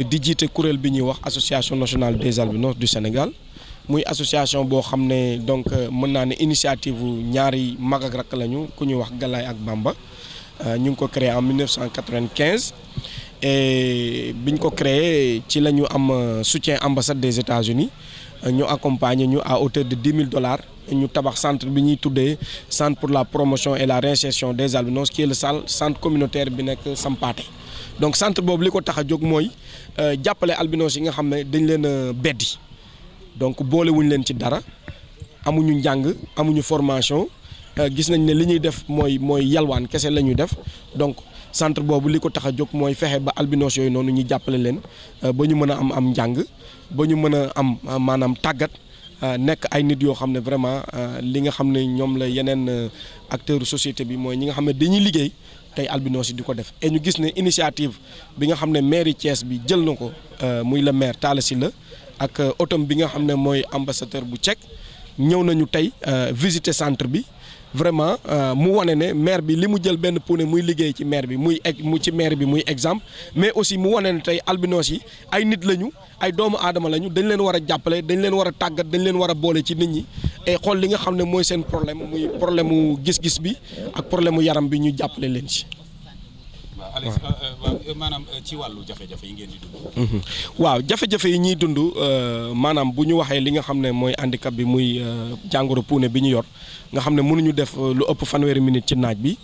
di jiite kuréel bi ñuy wax association nationale des albinos du Sénégal muy association boo xam ne donc euh, mën naa ne initiative ñaari mag ak rakk lañu ku ñu wax Galaay ak Bamba euh, ñu ngi ko créé en 1995. et biñ ko créer ci la ñu am euh, soutien ambassade des États-Unis euh, ñu accompagner ñu à hauteur de dix mille dollars ñu tabax centre bi ñuy tuddee centre pour la promotion et la réinsertion des albinos qui est le sal centre communautaire bi nekk Sampaate donc centre boobu li ko tax a jóg mooy euh, jàppale albinos yi nga xam ne dañ leen a beddi donc boolewuñ leen ci dara amuñu njàng amuñu formation gis nañ ne li ñuy def mooy mooy yalwaan kese la ñuy def donc. centre boobu li ko tax a jóg mooy fexe ba albinos yooyu noonu ñu jàppale leen euh, ba ñu mën a am am njàng ba ñu mën a am euh, maanaam tàggat euh, nekk ay nit yoo xam ne vraiment li nga xam ne ñoom la yeneen acteur société bi mooy ñi nga xam ne dañuy liggéey tey albinos yi di ko def. e ñu gis ne initiative bi nga xam ne mairie Thiès bi jël na ko muy le maire Talla la ak otom bi nga xam ne mooy ambassadeur bu Tchèque ñëw nañu tey euh, visiter centre bi vraiment euh, mu wane ne maire bi li mu jël benn pone muy liggéey ci maire bi muy mu ci maire bi muy exemple mais aussi mu wane ne tey albinos yi ay nit lañu ay doomu aadama lañu dañ leen war a jàppale dañ leen war a tàggat dañ leen war a boole ci nit ñi et xool li nga xam ne mooy seen problème muy problème mu gis-gis bi ak problème mu yaram bi ñu jàppale leen ci. maanaam euh, ci wàllu jafe yi ngeen di dund. Mhm. waaw jafe-jafe yi ñuy dund euh, maanaam bu ñu waxee li nga xam ne mooy handicap bi muy euh, jàngoro puune bi ñu yor nga xam ne mënuñu def lu ëpp fanweeri minute ci naaj bi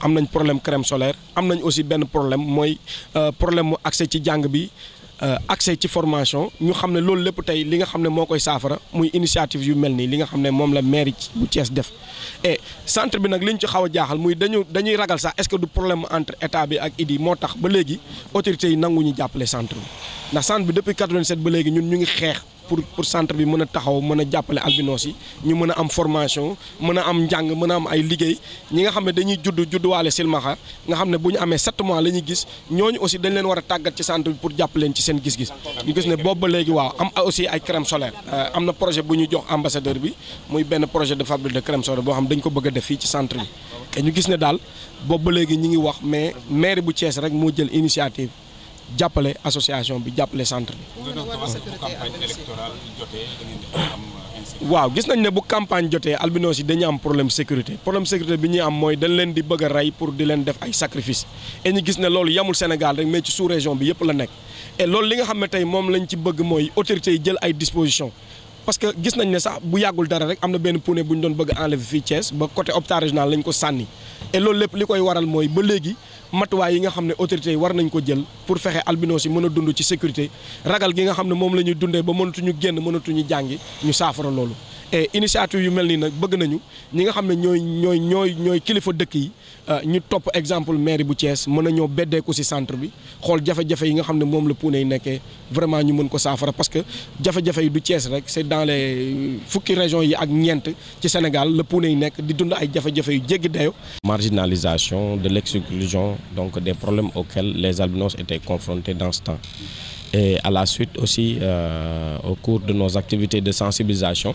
am nañ problème crème solaire am nañ aussi benn problème mooy problème mu accès ci jàng bi. Euh, accès ci formation ñu xam ne loolu lépp tey li nga xam ne moo koy saafara muy initiative yu mel nii li nga xam ne moom la maire bu Thiès def et centre bi nag li ñu ci xaw a jaaxal muy dañu dañuy ragal sax est-ce que entre état bi ak IDI moo tax ba léegi autorités yi ñu jàppale centre bi ndax centre bi depuis 87 ba léegi ñun ñu ngi xeex pour pour centre bi mën a taxaw mën a jàppale albinos yi ñu mën a am formation mën a am njàng mën a am ay liggéey ñi nga xam ne dañuy judd judduwaale silmaxa nga xam ne bu ñu amee sept mois la ñuy gis ñooñu aussi dañ leen war tàggat ci centre bi pour jàpp ci seen gis-gis ñu gis ne boobu ba léegi waaw am aussi ay crème solaire euh, am na projet bu ñu jox ambassadeur bi muy benn projet de fabrique de crème solaire boo xam dañ ko bëgg a def fii ñu gis ne daal boobu ba léegi ñi ngi wax mais maire bu Thiès rek moo jël initiative jàppale association bi jàppale centre bi. waaw gis nañ ne bu campagne jotee albinos yi dañu am problème sécurité problème sécurité bi ñu am mooy dañ leen di bëgg a rey pour di leen def ay sacrifice et ñu gis ne loolu yamul Sénégal rek mais ci sous région bi yëpp la nekk et loolu li nga xam ne tey moom lañ ci bëgg mooy autorité yi jël ay dispositions. parce que gis nañ ne sax bu yàggul dara rek am na benn pune bu ñu doon bëgg enlever fii Thiès ba côté hôpital régional lañ ko sànni et loolu lépp li koy waral mooy ba léegi matuwaay yi nga xam ne autorité yi war nañ ko jël pour fexe albinos yi mën a dund ci sécurité ragal gi nga xam ne moom la ñuy dundee ba mënatuñu génn mënatuñu jàngi ñu saafara loolu et initiative yu mel nii nag bëgg nañu ñi nga xam ne ñooy ñooy ñooy ñooy kilifa dëkk yi euh, ñu topp exemple mairie bu Thiès mën a ñoo beddeeku si centre bi xool jafe-jafe yi nga xam ne moom la Pounde yi nekkee vraiment ñu mën ko saafara parce que jafe-jafe yi du Thiès rek c'est dans les fukki régions yi ak ñeent ci Sénégal la Pounde nekk di dund ay jafe-jafe yu jéggi dayo marginalisation de l'exclusion donc des problèmes auxquels les albinos étaient confrontés dans ce temps. Et à la suite aussi, euh, au cours de nos activités de sensibilisation,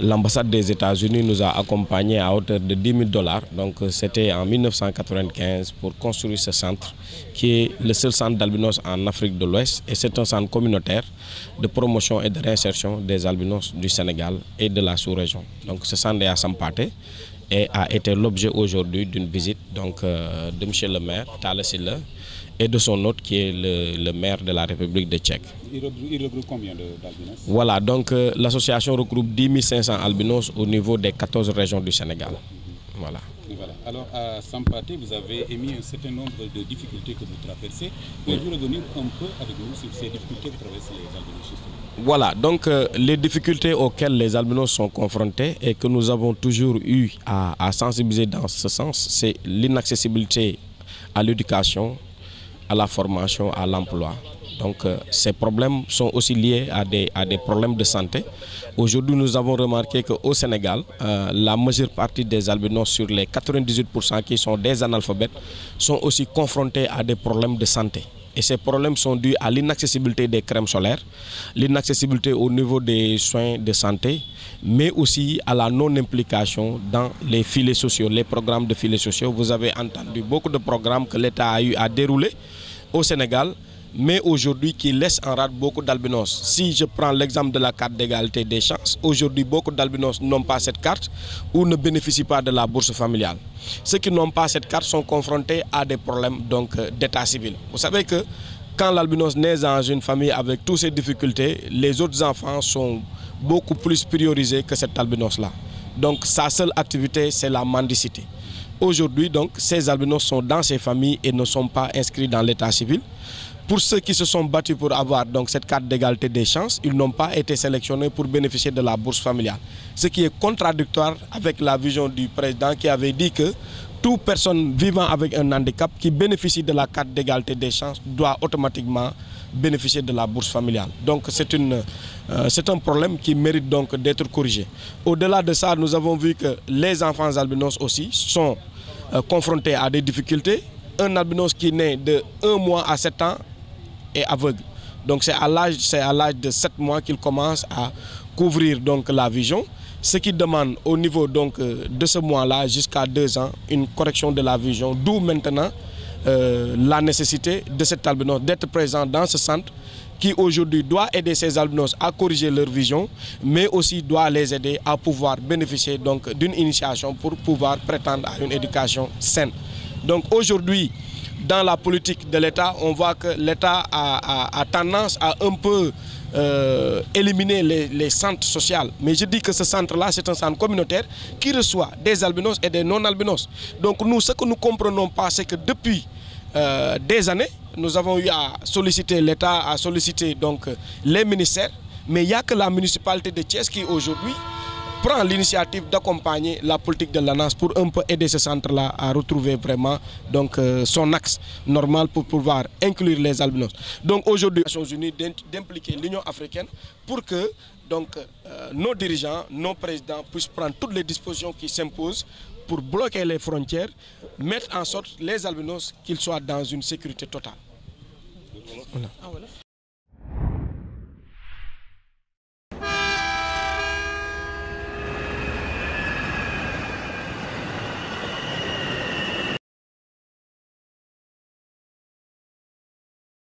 l'ambassade des États-Unis nous a accompagnés à hauteur de 10 000 dollars. Donc euh, c'était en 1995 pour construire ce centre qui est le seul centre d'albinos en Afrique de l'Ouest et c'est un centre de promotion et de réinsertion des albinos du Sénégal et de la sous-région. Donc ce centre à Sampaté. et a été l'objet aujourd'hui d'une visite donc, euh, de M. le maire, Talasilla, et de son hôte qui est le, le, maire de la République de Tchèque. Il regroupe, il regroupe combien d'albinos Voilà, donc euh, l'association regroupe 10 500 albinos au niveau des 14 régions du Sénégal. Voilà. Voilà. Alors à Sampaté, vous avez Voilà, donc euh, les difficultés auxquelles les albinos sont confrontés et que nous avons toujours eu à, à sensibiliser dans ce sens, c'est l'inaccessibilité à l'éducation, à la formation, à l'emploi. Donc euh, ces problèmes aussi liés à des, à des problèmes de santé. Aujourd'hui, nous avons remarqué qu'au Sénégal, euh, la majeure partie des albinos sur les 98% qui sont des analphabètes sont aussi confrontés à des problèmes de santé. Et ces problèmes sont dus à l'inaccessibilité des crèmes solaires, l'inaccessibilité au niveau des soins de santé, mais aussi à la non-implication dans les filets sociaux, les programmes de filets sociaux. Vous avez entendu beaucoup de programmes que l'État a eu à dérouler au Sénégal, mais aujourd'hui qui laisse en rade beaucoup d'albinos. Si je prends l'exemple de la carte d'égalité des chances, aujourd'hui beaucoup d'albinos n'ont pas cette carte ou ne bénéficient pas de la bourse familiale. Ceux qui n'ont pas cette carte sont confrontés à des problèmes donc euh, d'état civil. Vous savez que quand l'albinos naît dans une famille avec toutes ses difficultés, les autres enfants sont beaucoup plus priorisés que cet albinos-là. Donc sa seule activité, c'est la mendicité. Aujourd'hui, donc, ces albinos sont dans ces familles et ne sont pas inscrits dans l'état pour ceux qui se sont battus pour avoir donc cette carte d'égalité des chances, ils n'ont pas été sélectionnés pour bénéficier de la bourse familiale. Ce qui est contradictoire avec la vision du président qui avait dit que toute personne vivant avec un handicap qui bénéficie de la carte d'égalité des chances doit automatiquement bénéficier de la bourse familiale. Donc c'est une euh, problème qui mérite donc d'être corrigé. Au-delà de ça, nous avons vu que les enfants albinos aussi sont euh, confrontés à des difficultés. mois à 7 ans est aveugle. Donc c'est à l'âge, c'est à l'âge de 7 mois qu'il commence à couvrir donc la vision, ce qui demande au niveau donc euh, de ce mois-là jusqu'à 2 ans une correction de la vision, d'où maintenant euh, la nécessité de cet albinos d'être présent dans ce centre qui aujourd'hui doit aider ces albinos à corriger leur vision, mais aussi doit les aider à pouvoir bénéficier donc d'une initiation pour pouvoir prétendre à une éducation saine. Donc aujourd'hui, dans la politique de l'État, on voit que l'État a, a, a, tendance à un peu euh, éliminer les, les, centres sociaux. Mais je dis que ce centre-là, c'est un centre communautaire qui reçoit des albinos et des non-albinos. Donc nous, ce que nous comprenons pas, que depuis euh, des années, nous avons eu à solliciter l'État, à solliciter donc les ministères, mais il n'y a que la municipalité de Thiès qui aujourd'hui prend l'initiative d'accompagner la politique de l'ANAS pour un peu aider ce centre-là à retrouver vraiment donc, euh, son axe normal pour pouvoir inclure les albinos. Donc aujourd'hui, les Nations Unies d'impliquer l'Union africaine pour que donc, euh, nos dirigeants, nos présidents puissent prendre toutes les dispositions qui s'imposent pour bloquer les frontières, mettre en sorte les albinos qu'ils soient dans une sécurité totale. Ah,